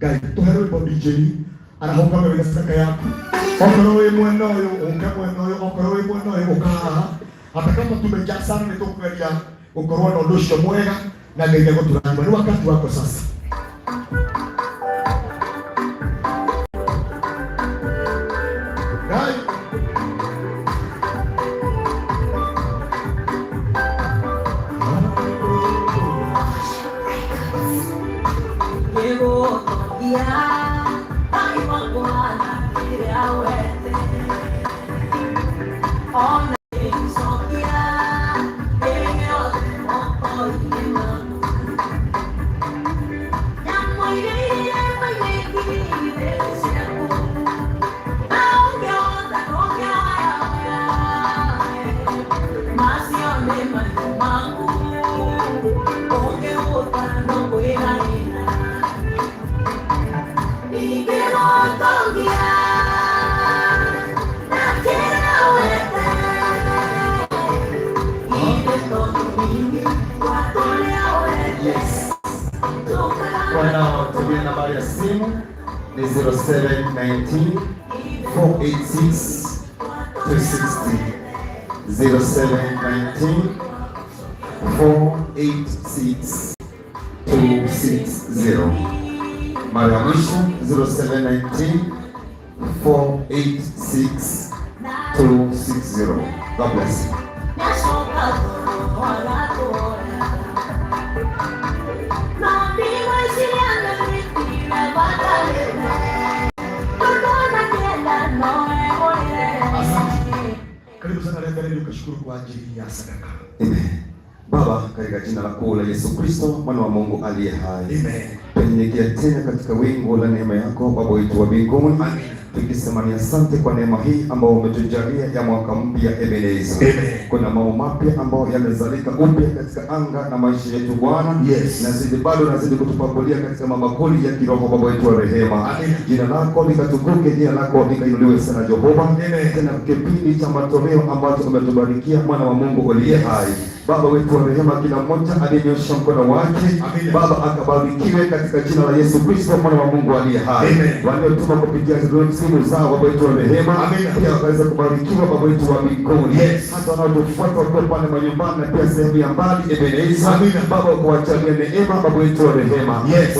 ngatũherwo indo njĩri arahũka mĩgacaka yaku okorwo wä mwena ũyũ ũke mwena ũyũ okorwo wĩ mwena ũyũ ũkahaha atakama tumejaa sana nĩtũkũgeria gũkorwo na ũndũ ũcio mwega na ngeire gũtũranyuma nĩ wakati wako sasa vivo ya hay más guarda que ahora nambari SIM simu ni 0719 486 260 0719 486 260. Mara ya 0719 486 260. God bless you. tunashukuru kwa ajili ya sadaka. Amen. Baba, katika jina la la Yesu Kristo mwana wa Mungu aliye hai, tunyenyekea tena katika wingu la neema yako Baba wetu wa mbinguni. Amen tukisema ni asante kwa neema hii ambayo umetujalia ya mwaka mpya Ebeneza. Kuna mambo mapya ambayo yamezalika upya katika anga na maisha yetu Bwana, yes. Nazidi bado nazidi kutupakulia katika mabakuli ya kiroho Baba yetu wa rehema, jina lako likatukuke, jina lako likainuliwe sana Jehova, tena kipindi cha matoleo ambacho umetubarikia mwana wa Mungu uliye hai Baba wetu wa rehema, kila mmoja aliyenyosha mkono wake Baba akabarikiwe katika jina la Yesu Kristo mwana wa Mungu aliye hai. Waliotuma kupitia simu zao, Baba wetu wa rehema, pia wakaweza kubarikiwa, Baba wetu wa mbinguni, hata wanaotufuata wakiwa pale manyumbani na pia sehemu ya mbali, Ebeneza Baba ukawajalie neema, Baba wetu wa rehema,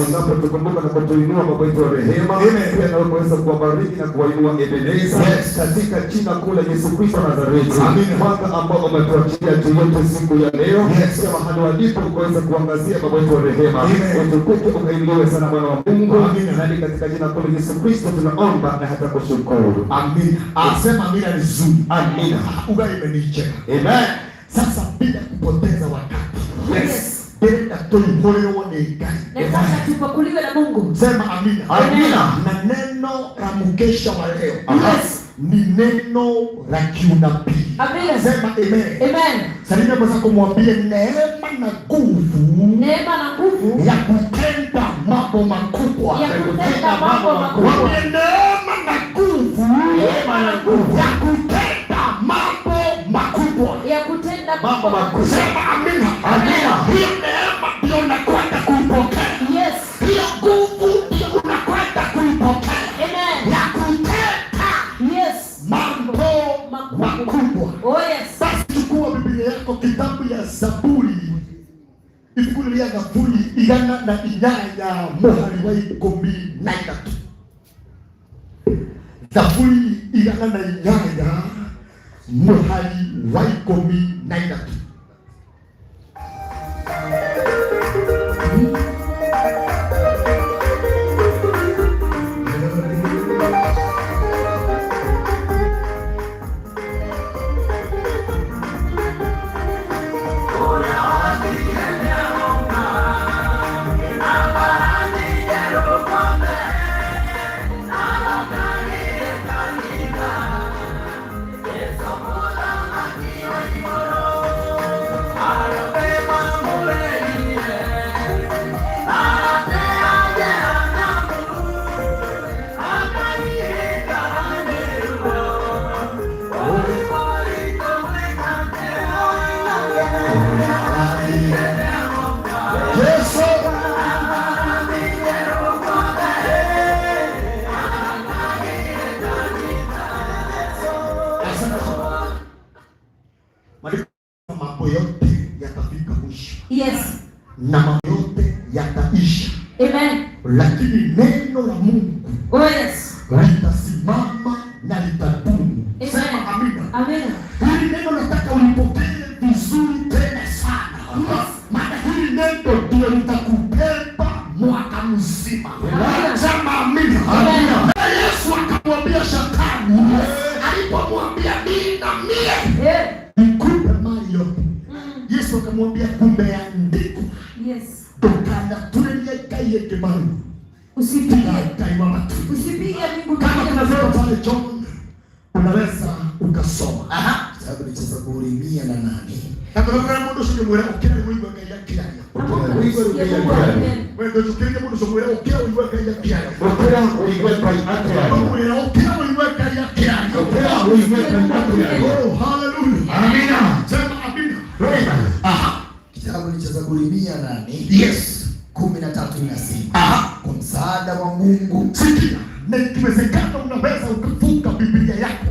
unapotukumbuka na kutuinua, Baba wetu wa rehema, pia na ukaweza kuwabariki na kuwainua, Ebeneza katika jina kuu la Yesu Kristo Nazareti, mwaka ambao umetuachia juu siku ya leo katika mahali walipo kuweza kuangazia baba wetu wa rehema, utukufu ukaingiwe sana Bwana wa Mungu, nani katika jina la Yesu Kristo tunaomba na hata kushukuru. Amin. Asema amina vizuri. Amin. ugai imenicheka. Amen. Sasa bila kupoteza wakati. Yes. Bila tulipolewa ni gani? Na sasa tupakuliwe na Mungu. Sema amina. Amina. Na neno la mkesha wa leo. Yes ni neno la kiunabii. Sema amen. Amen. kumwambia neema na nguvu, neema na nguvu ya kutenda mambo makubwa, ya kutenda mambo makubwa, neema na nguvu, neema na nguvu ya kutenda mambo makubwa, ya kutenda mambo makubwa. Sema a buri ijana na inyanya muhari w'ikumi na itatu zaburi igana na inyanya muhari w'ikumi na itatu Bye. lakini neno la Mungu oh, litasimama na litadumu. Sema amina, amina. Hili neno nataka ulipokee vizuri tena sana, maana hili neno ndio litakubeba mwaka mzima. saburi mia na nane akamwambia mundu ucio mwira ukira ni uigua ngai akiraria uigua ngai akiraria wendo tukirike mundu ucio mwira ukira uigua ngai akiraria ukira uigua ngai akiraria mwira ukira uigua ngai akiraria ukira uigua ngai akiraria oh hallelujah amina sema amina rema aha kitabu ni cha saburi mia na nane yes kumi na tatu inasema aha kwa msaada wa Mungu sikia na ikiwezekana unaweza ukafunga Biblia yako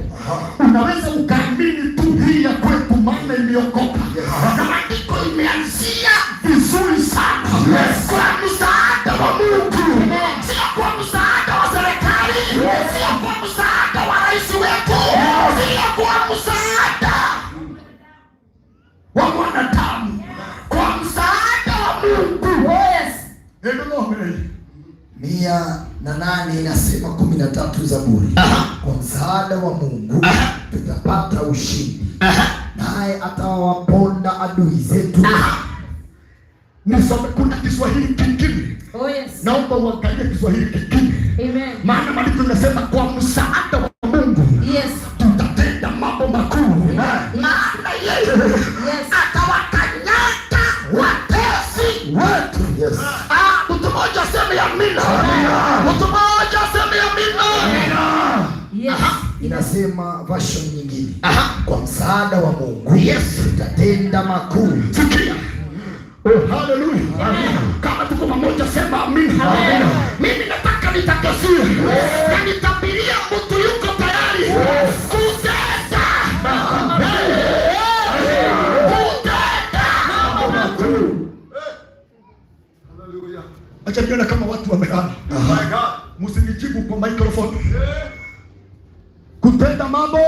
unaweza ukaamini nimeogopa, na maandiko imeanzia vizuri sana kwa msaada wa Mungu, sio kwa msaada wa serikali, sio kwa msaada wa rais wetu, sio kwa msaada wa mwanadamu, kwa msaada wa Mungu. Mia na nane inasema kumi na tatu Zaburi, kwa msaada wa Mungu tutapata ushindi atawaponda adui zetu. Nisome, kuna Kiswahili kingine. Oh, Naomba uangalie Kiswahili kingine, maana maandiko inasema kwa msaada wa Mungu. Yes. Akasema version nyingine, aha, kwa msaada wa Mungu Yesu tatenda makuu. Sikia, oh, haleluya, Amen. Kama tuko pamoja, sema amina, Amen. Mimi nataka nitakasie na nitabiria, mtu yuko tayari kutenda kutenda. Acha niona kama watu wameana, oh msinijibu kwa microphone kutenda mambo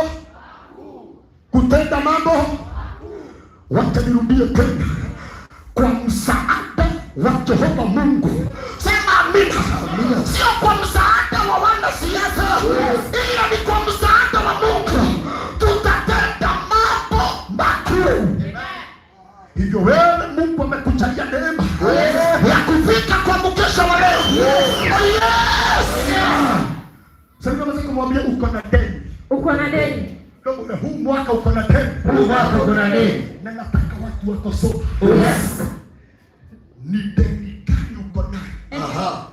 kutenda mambo, Wacha nirudie tena kwa msaada wa Jehova Mungu. Sema amina. Sio kwa msaada wa wana siasa, ila ni kwa msaada wa Mungu tutatenda mambo makuu. Hivyo wewe, Mungu amekujalia neema ya kufika kwa mkesha wa leo. Sasa oh, unaweza kumwambia uko na deni uko na deni huu mwaka uko na deni, huu mwaka uko na deni, na nataka watu wakosoe. Yes, ni deni gani uko nayo? Aha.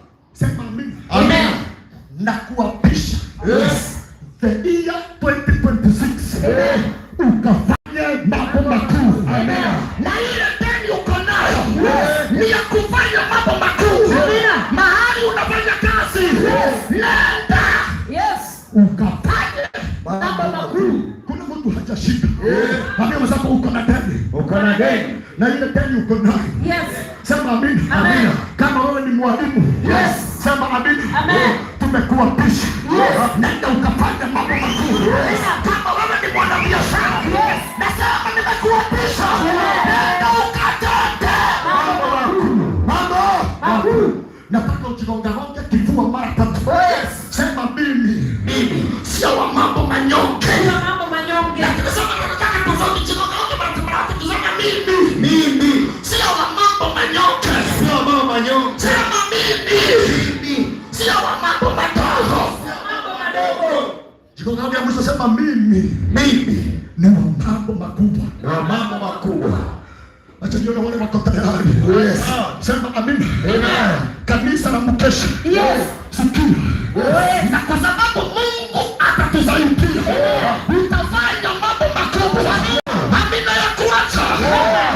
amini. Kama wewe ni mwalimu, sema amini. Tumekuapisha, nenda ukafanya mambo makuu. Kama wewe ni mwanabiashara, nasema nimekuapisha, nenda ukatende mambo makuu. Nataka ujigongagonge kifua mara tatu, sema mimi sio wa mambo manyonge. Imeahidi, sio mambo madogo, mambo madogo. Jiko ngapi ya mwisho sema mimi, mimi ni wa mambo makubwa, wa mambo makubwa. Acha nione wale wako tayari. Yes. Ah, sema amina. Amen. Kanisa la Mkesha. Yes. Sikia. Yes. Na kwa sababu Mungu atatusaidia. Utafanya mambo makubwa. Amina ya kuacha.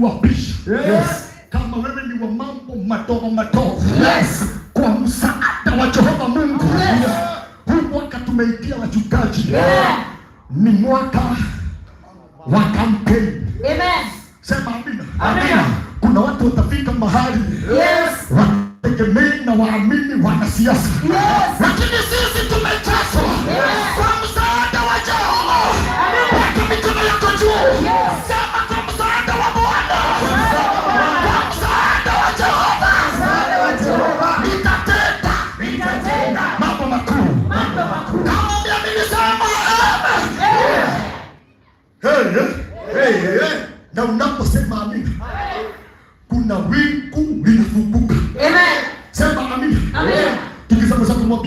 kuapisha yes. Kama wewe ni wa mambo madogo madogo yes. Kwa msaada wa Jehova Mungu yes. Huu mwaka tumeitia wachungaji yeah. Ni mwaka wa kampeni amen. Sema amina, amina. Kuna watu watafika mahali yes. Wategemei na waamini wanasiasa yes. Lakini sisi tumechaswa yes. Kwa msaada wa Jehova yes. kwa mikono yako juu yes.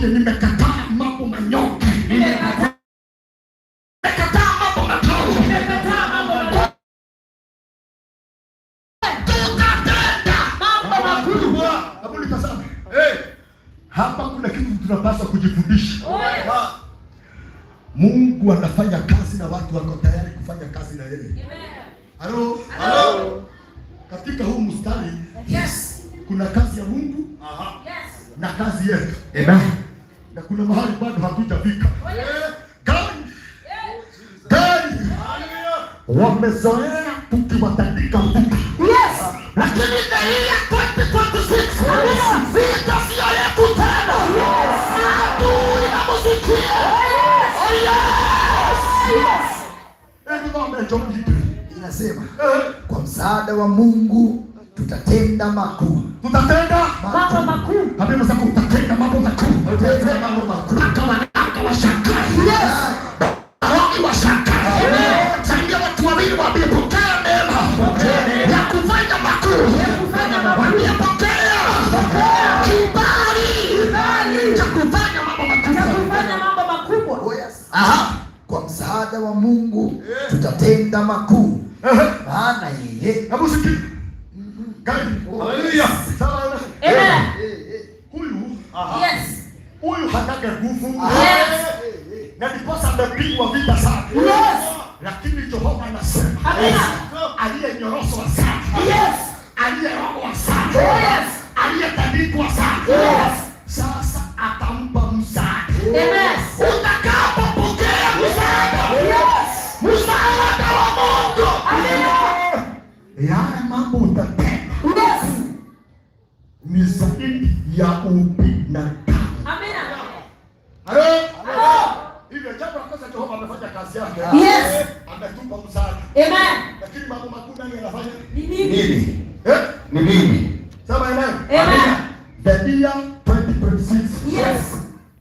mwanamke, nimekataa mambo manyoka, nimekataa mambo nimekataa mambo tukatenda mambo makubwa. nitazame, eh, hapa kuna kitu tunapaswa kujifundisha. Mungu anafanya kazi na watu wako tayari kufanya kazi na yeye. Halo, halo, katika huu mstari yes, kuna kazi ya Mungu, aha, yes, na kazi yetu. Amen na kuna mahali bado hakujafika gani gani, wamezoea tukiwatandika mbuka, lakini oh, oh, oh, inasema eh? kwa msaada wa Mungu tutatenda makuu, tutatenda mambo makuu. Hapo sasa tutatenda mambo makuu, tutatenda mambo makuu. Mpaka wanawake washangae, yes, wanawake washangae. Saidia watu wawili waambie, pokea neema ya kufanya makuu, waambie pokea kibali cha kufanya mambo makubwa. Oh, Aha, kwa msaada wa Mungu tutatenda makuu, maana yeye hebu sikia Huyu huyu hatake nguvu na ndiposa amepigwa vita sana, lakini Jehova anasema aliyenyoroswa sana, aliyerogwa sana, aliyetandikwa sana the year 2026. Yes.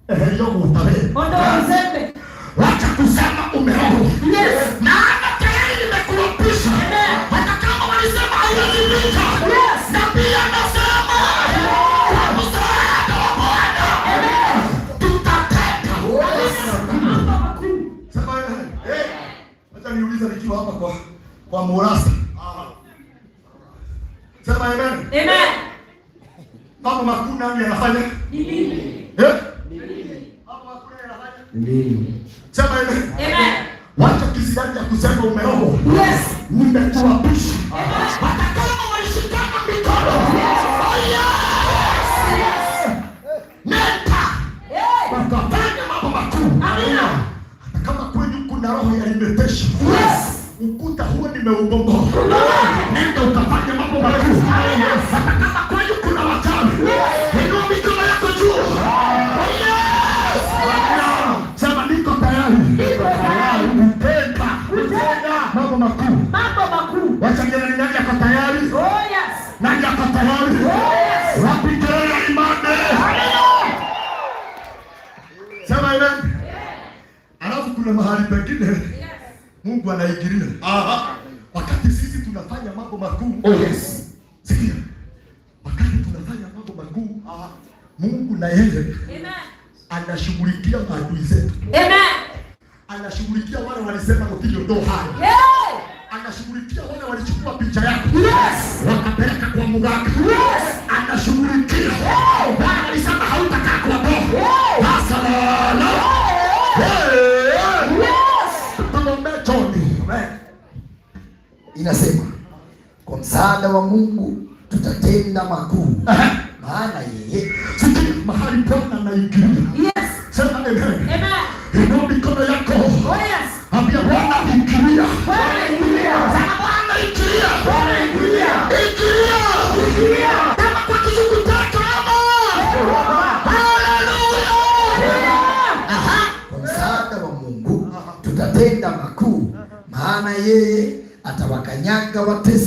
Eh, hiyo mutabe. Ondoa uzembe. Wacha kusema umeoa. Yes. Na tayari nimekulopisha. Hata kama walisema hauwezimika. Yes. Na pia nasema niuliza nikiwa hapa kwa kwa Morasa. Sema amen. Amen. Mambo makuu nani anafanya? Ni mimi. Eh? Ni mimi. Mambo makuu nani anafanya? Ni mimi. Sema amen. Amen. Wacha kisingani ya kusema umeogo. Yes. Nimekuapisha. Hata kama walishikana mikono. Yes. Oh yes. Yes. Nenda. Yes. Wakafanya mambo makuu. Amina. Hata kama kweli kuna roho ya limitation. Yes. Ukuta huo nimeubongoa. Nenda ukafanya mahali wapitele imane. Sema amen. Alafu kuna mahali pengine Mungu anaigiria wakati sisi tunafanya mambo makuu. Oh yes. Sikia. Wakati tunafanya mambo makuu, Mungu na yeye Anashughulikia maadui zetu. Anashughulikia wale walisema kupigwa hai. Yeah anashughulikia wale walichukua picha yake. yes, wakapeleka kwa mganga, yes, anashughulikia Bwana alisema hautakaa kwa Oh. Sasa la tunaombea Joni, inasema kwa msaada wa Mungu tutatenda makuu, maana yeye mahali Bwana anaingilia ഞാൻ